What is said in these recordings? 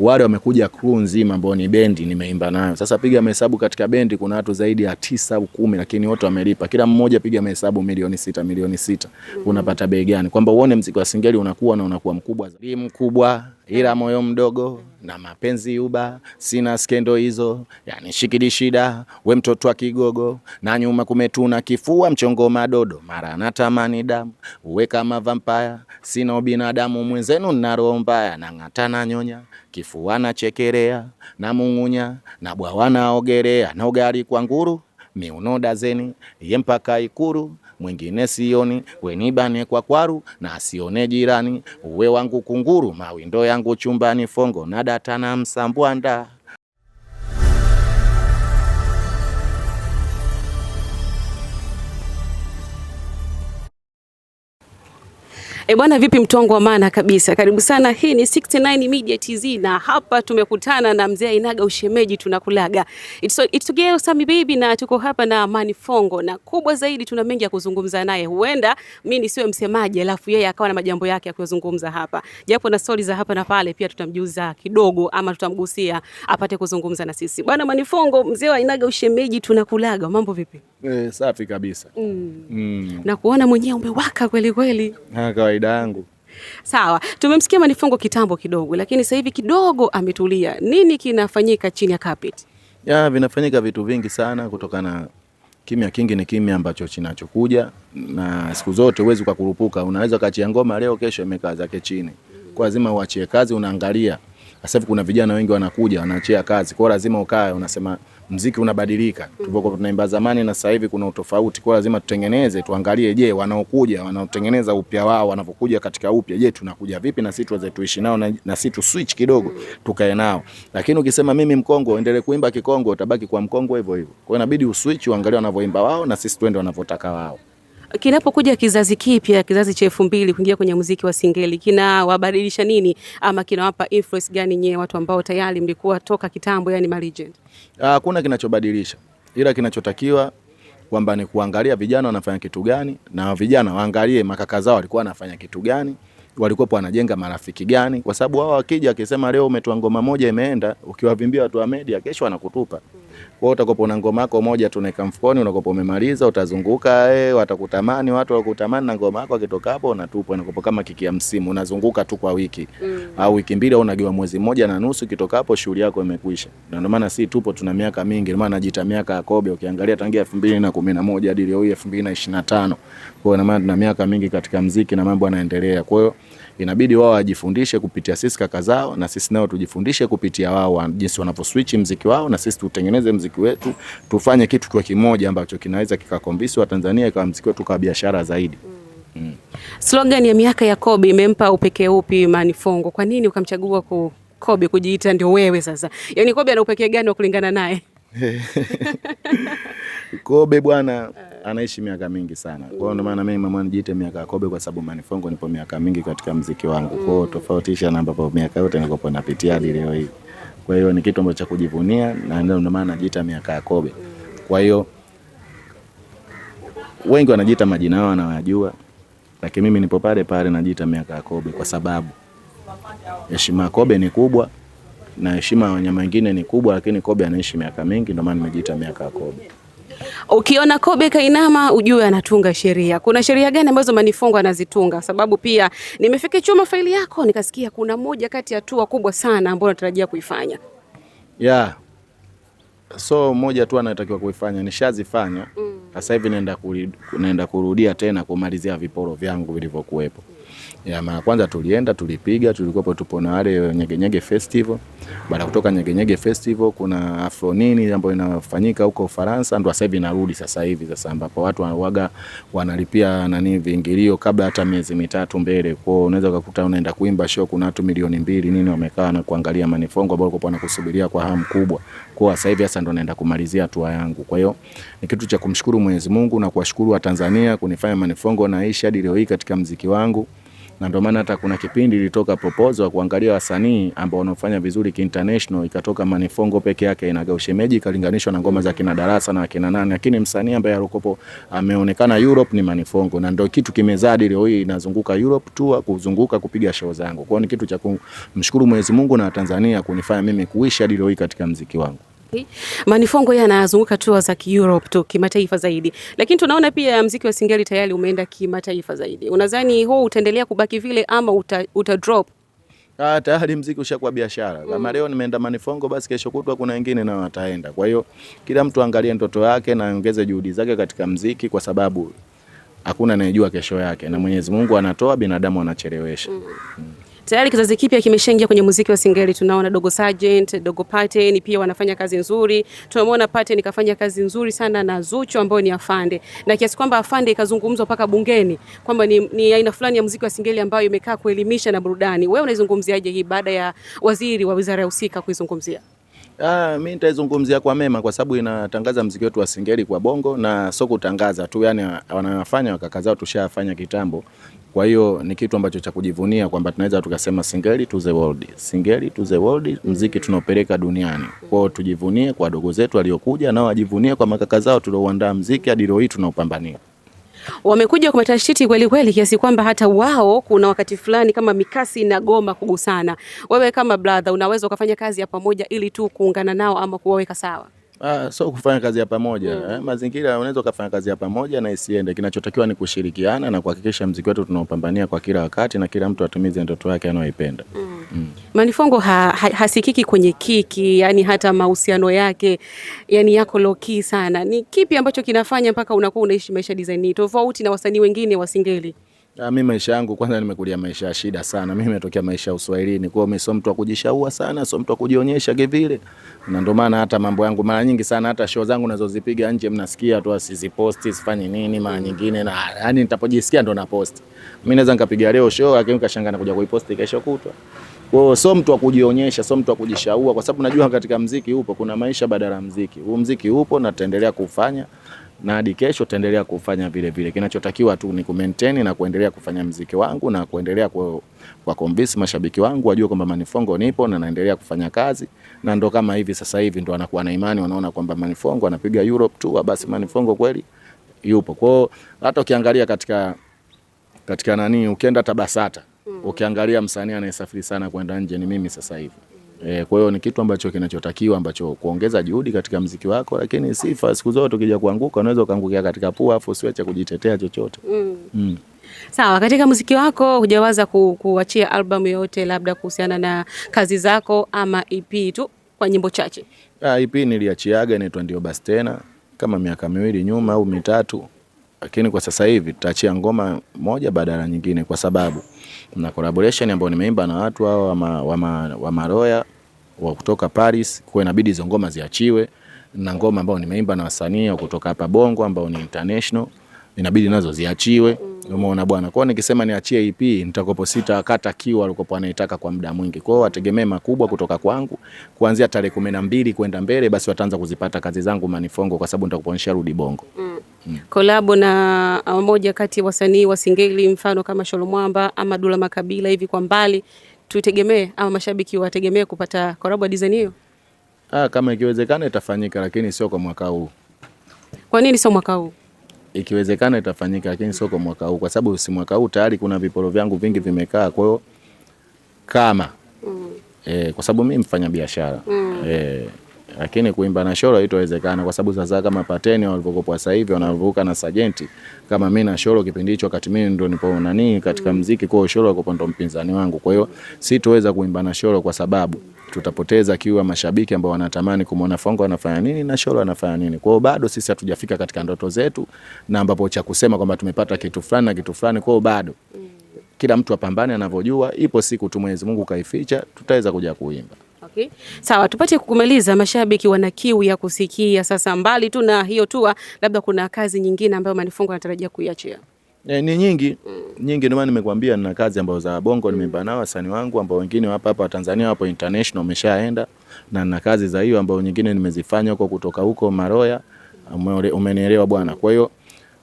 wale wamekuja crew nzima ambao ni bendi nimeimba nayo. Sasa piga mahesabu katika bendi kuna watu zaidi ya tisa au kumi, lakini wote wamelipa. Kila mmoja piga mahesabu milioni sita, milioni sita. Mm-hmm. Unapata bei gani? Kwamba uone mziki wa singeli unakuwa na unakuwa mkubwa zaidi. Mkubwa ila moyo mdogo na mapenzi uba, sina skendo hizo, yani shikidi shida, we mtoto wa kigogo, na nyuma kumetuna kifua, mchongo madodo, mara natamani damu, uwe kama vampaya, sina ubinadamu mwenzenu, nina roho mbaya, nang'ata na nyonya kifuana chekerea na mung'unya na bwawana ogerea na ugari kwa nguru miuno dazeni ye mpaka Ikuru mwingine sioni wenibane kwa kwaru na asione jirani uwe wangu kunguru mawindo yangu chumbani fongo na data na msambwanda E bwana, vipi mtongo wa maana kabisa, karibu sana. Hii ni 69 Media TZ na hapa tumekutana na mzee Ainaga ushemeji tunakulaga. It's, so, it's together Sami baby, na tuko hapa na Mani Fongo na kubwa zaidi, tuna mengi ya kuzungumza naye. Huenda mimi nisiwe msemaji, alafu yeye akawa na majambo yake ya kuzungumza hapa, japo na stories za hapa na pale, pia tutamjuza kidogo ama tutamgusia apate kuzungumza na sisi. Bwana Mani Fongo, mzee wa Ainaga ushemeji tunakulaga, mambo vipi? Eh, safi kabisa. Mm. Mm. Na kuona mwenyewe umewaka kweli kweli. Ha, kawaida kawaida yangu. Sawa, tumemsikia Manifongo kitambo kidogo, lakini sasa hivi kidogo ametulia. Nini kinafanyika chini ya carpet? Ya, vinafanyika vitu vingi sana kutokana kimya kingi ni kimya ambacho kinachokuja na siku zote huwezi ukakurupuka. Unaweza ukachia ngoma leo, kesho imekaa zake chini, kwa lazima uachie kazi. Unaangalia sasa kuna vijana wengi wanakuja wanaachia kazi, kwa lazima ukae unasema mziki unabadilika mm. tunaimba zamani na sasa hivi kuna utofauti, kwa lazima tutengeneze, tuangalie, je, wanaokuja wanaotengeneza upya wao wanavyokuja katika upya, je, tunakuja vipi na sisi tuweze tuishi nao na, na sisi tu switch kidogo tukae nao. Lakini ukisema mimi mkongo endelee kuimba kikongo, utabaki kwa mkongwe hivyo hivyo. Kwa hiyo inabidi uswitch, uangalie wanavyoimba wao na sisi tuende wanavyotaka wao. Kinapokuja kizazi kipya, kizazi cha elfu mbili kuingia kwenye muziki wa singeli, kinawabadilisha nini ama kinawapa influence gani nyewe watu ambao tayari mlikuwa toka kitambo, yani ma legend? Ah, hakuna kinachobadilisha, ila kinachotakiwa kwamba ni kuangalia vijana wanafanya kitu gani, na vijana waangalie makaka zao walikuwa wanafanya kitu gani, walikuwa wanajenga marafiki gani, kwa sababu wao wakija, akisema leo umetoa ngoma moja imeenda, ukiwavimbia watu wa media, kesho wanakutupa. Kwa hiyo utakopo na ngoma yako moja tu na mfukoni, unakopo umemaliza, utazunguka eh, watakutamani watu wakutamani na ngoma yako, akitoka hapo unatupwa unakopo kama kiki ya msimu, unazunguka tu kwa wiki mm. au wiki mbili au unagiwa mwezi mmoja na nusu, kitoka hapo shughuli yako imekwisha. Na ndio maana si tupo tuna miaka mingi, ndio maana najiita miaka ya Kobe, ukiangalia tangia 2011 hadi leo 2025. Kwa hiyo maana tuna miaka mingi katika mziki na mambo yanaendelea, kwa hiyo inabidi wao wajifundishe kupitia sisi kaka zao, na sisi nao tujifundishe kupitia wao, jinsi wanavyoswitch mziki wao na sisi tutengeneze tukuze mziki wetu, tufanye kitu kwa kimoja ambacho kinaweza kikakombisi tanzania ikawa mziki wetu kwa biashara zaidi. mm. Slogan ya miaka ya Kobe imempa upekee upi Fongo? Kwa nini ukamchagua ku Kobe kujiita ndio wewe sasa? Yaani Kobe ana upekee gani wa kulingana naye? Kobe bwana anaishi miaka mingi sana. Kwa hiyo ndio maana mimi mama nijiite miaka ya Kobe kwa sababu Manifongo nipo miaka mingi katika mziki wangu. Kwa hiyo mm. tofautisha na ambapo miaka yote nilikopo napitia leo hii. Kwa hiyo ni kitu ambacho cha kujivunia na ndio maana najiita miaka ya Kobe. Kwa hiyo wengi wanajiita majina yao wanawajua, lakini mimi nipo pale pale najiita miaka ya Kobe kwa sababu heshima ya Kobe ni kubwa na heshima ya wanyama wengine ni kubwa, lakini Kobe anaishi miaka mingi, ndio maana nimejiita miaka ya Kobe. Ukiona Kobe kainama ujue anatunga sheria. Kuna sheria gani ambazo Manifongo anazitunga? Sababu pia nimefika chuma faili yako nikasikia kuna moja kati ya hatua kubwa sana ambayo natarajia kuifanya. Yeah. So moja tu anatakiwa kuifanya nishazifanya. Mm. Sasa hivi naenda naenda kurudia tena kumalizia viporo vyangu vilivyokuwepo. Mm ya mara kwanza tulienda tulipiga, tulikuwa tupo na wale nyegenyege festival. Baada kutoka nyegenyege festival, kuna afro nini ambayo inafanyika huko Ufaransa, ndo sasa hivi narudi sasa hivi sasa, ambapo watu wanawaga wanalipia nani viingilio kabla hata miezi mitatu mbele. Kwa hiyo unaweza kukuta unaenda kuimba show, kuna watu milioni mbili nini wamekaa na kuangalia Manifongo ambao walikuwa wanakusubiria kwa hamu kubwa. Kwa hiyo sasa hivi sasa ndo naenda kumalizia tour yangu. Kwa hiyo ni kitu cha kumshukuru Mwenyezi Mungu na kuwashukuru wa Tanzania kunifanya Manifongo naishi hadi leo hii katika mziki wangu na ndio maana hata kuna kipindi ilitoka proposal kuangalia wasanii ambao wanaofanya vizuri kiinternational, ikatoka Manifongo peke yake inaga ushemeji ikalinganishwa na ngoma za kina Darasa na kina nani, lakini msanii ambaye alikopo ameonekana Europe ni Manifongo, na ndio kitu kimezadi leo hii inazunguka Europe tu kuzunguka kupiga show zangu. Kwa hiyo ni kitu cha kumshukuru Mwenyezi Mungu na Tanzania kunifanya mimi kuishi hadi leo hii katika mziki wangu. Manifongo yanazunguka anazunguka za Europe tu kimataifa zaidi, lakini tunaona pia mziki wa Singeli tayari umeenda kimataifa zaidi. Unadhani huo utaendelea kubaki vile ama uta, uta drop? Ah, tayari mziki ushakuwa biashara. Kama mm. leo nimeenda Manifongo, basi kesho kutwa kuna wengine nao wataenda. Kwa hiyo kila mtu angalie ndoto yake na ongeze juhudi zake katika mziki, kwa sababu hakuna anayejua kesho yake, na Mwenyezi Mungu anatoa, binadamu anachelewesha mm. mm. Tayari kizazi kipya kimeshaingia kwenye muziki wa Singeli. Tunaona Dogo Sergeant, Dogo Paten pia wanafanya kazi nzuri. Tunamwona Paten kafanya kazi nzuri sana na Zuchu ambaye ni Afande, na kiasi kwamba Afande ikazungumzwa mpaka bungeni kwamba ni, ni aina fulani ya muziki wa Singeli ambayo imekaa kuelimisha na burudani. Wewe unaizungumziaje hii baada ya waziri wa wizara ya husika kuizungumzia? Ah, mimi nitaizungumzia kwa mema kwa sababu inatangaza mziki wetu wa Singeli kwa Bongo na sio kutangaza tu, yani wanayofanya wakakazao tushafanya kitambo, kwa hiyo ni kitu ambacho cha kujivunia kwamba tunaweza tukasema Singeli to the world. Singeli to the world, mziki tunaopeleka duniani. Kwa hiyo tujivunie kwa wadogo zetu waliokuja, nao wajivunie kwa makaka zao tulioandaa mziki hadi leo hii tunaopambania wamekuja kwa matashiti kweli kweli, kiasi kwamba hata wao kuna wakati fulani kama mikasi na goma kugusana. Wewe kama brother, unaweza ukafanya kazi ya pamoja ili tu kuungana nao ama kuwaweka sawa? Ah, so kufanya kazi ya pamoja mm. Eh, mazingira unaweza ukafanya kazi ya pamoja na isiende. Kinachotakiwa ni kushirikiana na kuhakikisha mziki wetu tunaopambania kwa kila wakati na kila mtu atumize ndoto yake anayoipenda. mm. mm. Manifongo ha, ha, hasikiki kwenye kiki, yani hata mahusiano yake yani yako loki sana. Ni kipi ambacho kinafanya mpaka unakuwa unaishi maisha design tofauti na wasanii wengine wa Singeli? Ah, mi maisha yangu kwanza, nimekulia maisha ya shida sana. Mimi nimetokea maisha ya uswahilini, kwa hiyo mimi sio mtu wa kujishaua sana, sio mtu wa kujionyesha kivile, na ndio maana hata mambo yangu mara nyingi sana, hata show zangu nazozipiga nje mnasikia tu, asiziposti sifanye nini mara mm. nyingine, na yani nitapojisikia ndo naposti. Mimi naweza nikapiga leo show, lakini nikashangaa nakuja kuiposti kesho kutwa. Kwa hiyo sio mtu wa kujionyesha, sio mtu wa kujishaua, kwa sababu najua katika mziki upo kuna maisha badala ya mziki. Huu mziki upo na tutaendelea kufanya na hadi kesho taendelea kufanya vile vile. Kinachotakiwa tu ni kumaintain na kuendelea kufanya mziki wangu na kuendelea kwa, kwa convince mashabiki wangu wajue kwamba Manifongo nipo na naendelea kufanya kazi, na ndo kama hivi sasa hivi ndo anakuwa na imani, wanaona kwamba Manifongo anapiga Europe tu, ah, basi Manifongo kweli yupo. Kwa hata ukiangalia katika katika nani, ukienda Tabasata, mm. ukiangalia msanii anayesafiri sana kwenda nje ni mimi sasa hivi. E, kwa hiyo ni kitu ambacho kinachotakiwa ambacho kuongeza juhudi katika mziki wako, lakini sifa siku zote ukija kuanguka unaweza ukaangukia katika pua afu usiwe cha kujitetea chochote. mm. mm. Sawa, katika muziki wako hujawaza ku, kuachia albamu yoyote labda kuhusiana na kazi zako ama EP tu kwa nyimbo chache? Ah, EP niliachiaga inaitwa ndio basi tena kama miaka miwili nyuma au mitatu lakini kwa sasa hivi tutaachia ngoma moja baada ya nyingine, kwa sababu na collaboration ambayo nimeimba na watu hao wa wa, wa Maroya wa kutoka Paris, kwa inabidi hizo ngoma ziachiwe, na ngoma ambayo nimeimba na wasanii wa kutoka hapa Bongo ambao ni international inabidi nazo ziachiwe. Umeona bwana, kwao nikisema niachie EP nitakopo sita kata kiu alikopo anaitaka kwa muda mwingi. Kwao wategemee makubwa kutoka kwangu kuanzia tarehe kumi na mbili kwenda mbele, basi wataanza kuzipata kazi zangu Manifongo, kwa sababu nitakopo rudi Bongo mm kolabo mm. na uh, moja kati ya wasanii wa Singeli, mfano kama Sholomwamba ama Dula Makabila hivi kwa mbali, tutegemee ama mashabiki wategemee kupata kolabo ya design hiyo? Ah, kama ikiwezekana itafanyika, lakini sio kwa mwaka huu. Kwa nini sio mwaka huu? Ikiwezekana itafanyika, lakini sio kwa mwaka huu, kwa sababu si mwaka huu tayari kuna viporo vyangu vingi vimekaa. Kwa hiyo kama mm. eh, kwa sababu mimi mfanya biashara mm. eh, lakini kuimba na Sholo haitowezekana kwa sababu sasa kama Pateni walivyokuwa sasa hivi wanavuka na Sajenti, kama mimi na Sholo kipindi hicho, wakati mimi ndo nipo nani katika mziki, kwa Sholo alikuwa ndo mpinzani wangu, kwa hiyo sitoweza kuimba na Sholo kwa sababu tutapoteza kiu ya mashabiki ambao wanatamani kumwona Fongo anafanya nini na Sholo anafanya nini. Kwa hiyo bado sisi hatujafika katika ndoto zetu, na ambapo cha kusema kwamba tumepata kitu fulani na kitu fulani. Kwa hiyo bado mm. kila mtu apambane anavyojua. Ipo siku tu Mwenyezi Mungu kaificha, tutaweza kuja kuimba. Okay. Sawa, tupate kumaliza. Mashabiki wana kiu ya kusikia sasa, mbali tu na hiyo tua, ah, labda kuna kazi nyingine ambayo Manifungo anatarajia kuiachia. E, ni nyingi mm. nyingi, ndio maana nimekuambia nina kazi ambazo za bongo mm. nimeimba nao wasanii wangu ambao wengine hapa hapa Tanzania wapo international wameshaenda, na nina kazi za hiyo ambao nyingine nimezifanya huko kutoka huko Maroya, umenielewa bwana. Kwa hiyo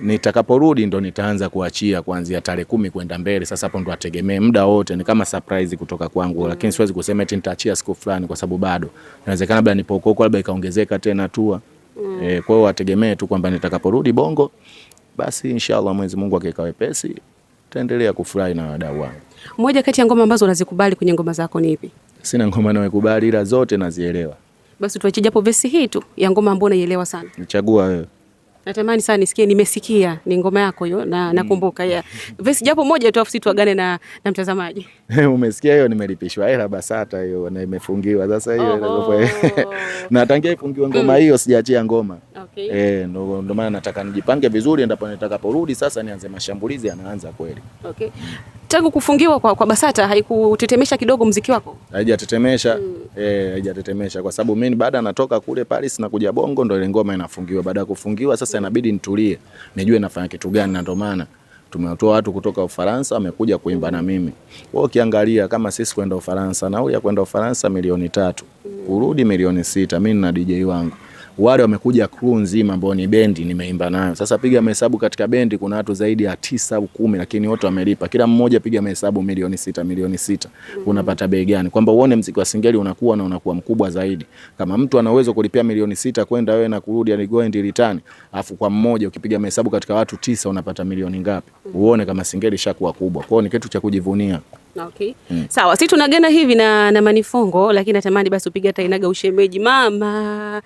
nitakaporudi ndo nitaanza kuachia kuanzia tarehe kumi kwenda mbele. Sasa hapo ndo ategemee muda wote, ni kama surprise kutoka kwangu mm. Lakini siwezi kusema eti nitaachia siku fulani, kwa sababu bado inawezekana labda nipo huko, labda ikaongezeka tena tua mm. E, kwa hiyo ategemee tu kwamba nitakaporudi Bongo basi inshallah Mwenyezi Mungu akiweka wepesi taendelea kufurahi na wadau wangu. Moja kati ya ngoma ambazo unazikubali kwenye ngoma zako ni ipi? Sina ngoma nayoikubali ila zote nazielewa. Basi tuachie japo vesi hii tu ya ngoma ambayo unaielewa sana. Nichagua wewe. Natamani sana nisikie, nimesikia ni ngoma yako hiyo na mm. nakumbuka ya vesi japo moja tu, afu si tuagane na, na mtazamaji umesikia hiyo, nimelipishwa hela BASATA hiyo na imefungiwa sasa hiyo oh. na tangia ifungiwe ngoma mm. hiyo mm. sijaachia ngoma okay. Eh, ndo maana nataka nijipange vizuri, endapo nitakaporudi sasa nianze mashambulizi, yanaanza kweli okay. Tangu kufungiwa kwa, kwa BASATA haikutetemesha kidogo mziki wako? Haijatetemesha mm. Eh, haijatetemesha kwa sababu mimi baada natoka kule Paris na kuja Bongo ndo ile ngoma inafungiwa. Baada ya kufungiwa sasa sasa inabidi nitulie, nijue nafanya kitu gani, na ndio maana tumewatoa watu kutoka Ufaransa wamekuja kuimba na mimi. Wewe ukiangalia kama sisi kwenda Ufaransa na ya kwenda Ufaransa milioni tatu, kurudi milioni sita, mimi na DJ wangu wale wamekuja crew nzima ambao ni bendi nimeimba nayo. Sasa piga mahesabu, katika bendi kuna watu zaidi ya tisa au kumi, lakini wote wamelipa. Kila mmoja piga mahesabu milioni sita, milioni sita, mm-hmm. unapata bei gani? Kwamba uone mziki wa singeli unakuwa na unakuwa mkubwa zaidi. Kama mtu ana uwezo kulipia milioni sita kwenda wewe na kurudi, yani go and return, kwa mmoja ukipiga mahesabu katika watu tisa unapata milioni ngapi? Mm-hmm. Uone kama singeli shakuwa kubwa kwao, ni kitu cha kujivunia. Okay. Mm. Sawa, si tunagana hivi na, na Manifongo lakini natamani basi upige hata inaga ushemeji mama.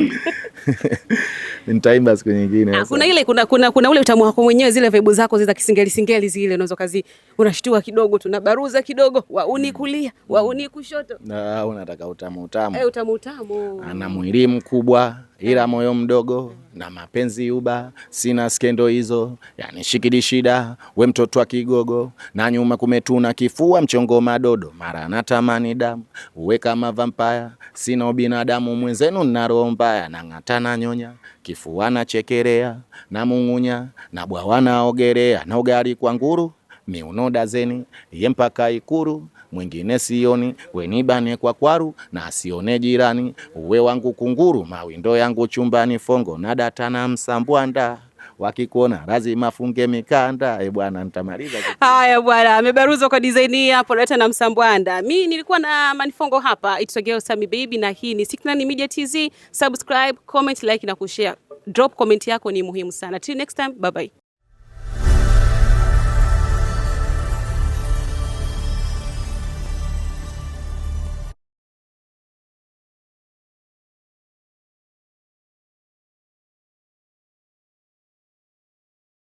Nitaimba siku nyingine. Ah, Kuna ile kuna, kuna, kuna ule utamu wako mwenyewe zile vibe zako zile za kisingeli singeli zile unaweza kazi unashtua kidogo tunabaruza kidogo wauni kulia wauni kushoto. Na unataka utamu utamu. Eh, utamu utamu. Ana mwili mkubwa ila mm. moyo mdogo na mapenzi uba sina skendo hizo yani shikidi shida we mtoto wa kigogo na nyuma nyuma kumetuna kifua mchongo madodo mara natamani damu uwe kama vampaya sina binadamu mwenzenu na roho mbaya nang'ata na nyonya kifua na chekerea na mung'unya na bwawa naogerea na ugari kwa nguru miuno dazeni ye mpaka Ikuru mwingine sioni bane kwa kwaru na asione jirani uwe wangu kunguru mawindo yangu chumbani fongo na data na msambwanda wakikuona lazima afunge mikanda. E bwana, nitamaliza haya bwana. amebaruzwa kwa design hii hapo, leta na Msambwanda. Mi nilikuwa na manifongo hapa, itogeo Sami Baby, na hii ni six Media TZ. Subscribe, comment, like na kushare. Drop comment yako ni muhimu sana. Till next time, bye bye.